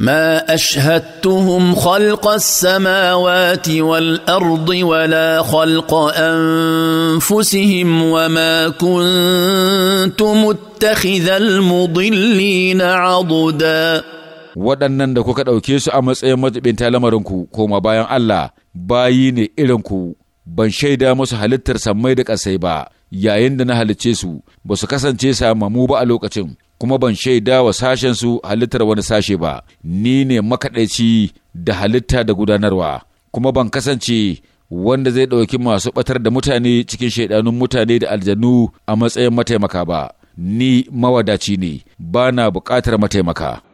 ما اشهدتهم خلق السماوات والارض ولا خلق انفسهم وما كنت متخذ المضلين عضدا waɗannan da kuka ɗauke su a matsayin matsibinta lamarinku koma bayan Allah bayi ne irinku ban shaida musu halittar sammai da ƙasai ba yayin da na halicce su ba su kasance samamu ba a lokacin kuma ban shaida wa sashensu halittar wani sashe ba, ni ne makaɗaici da halitta da gudanarwa, kuma ban kasance wanda zai ɗauki masu ɓatar da mutane cikin shaidanun mutane da aljanu a matsayin mataimaka ba, ni mawadaci ne, ba na buƙatar mataimaka.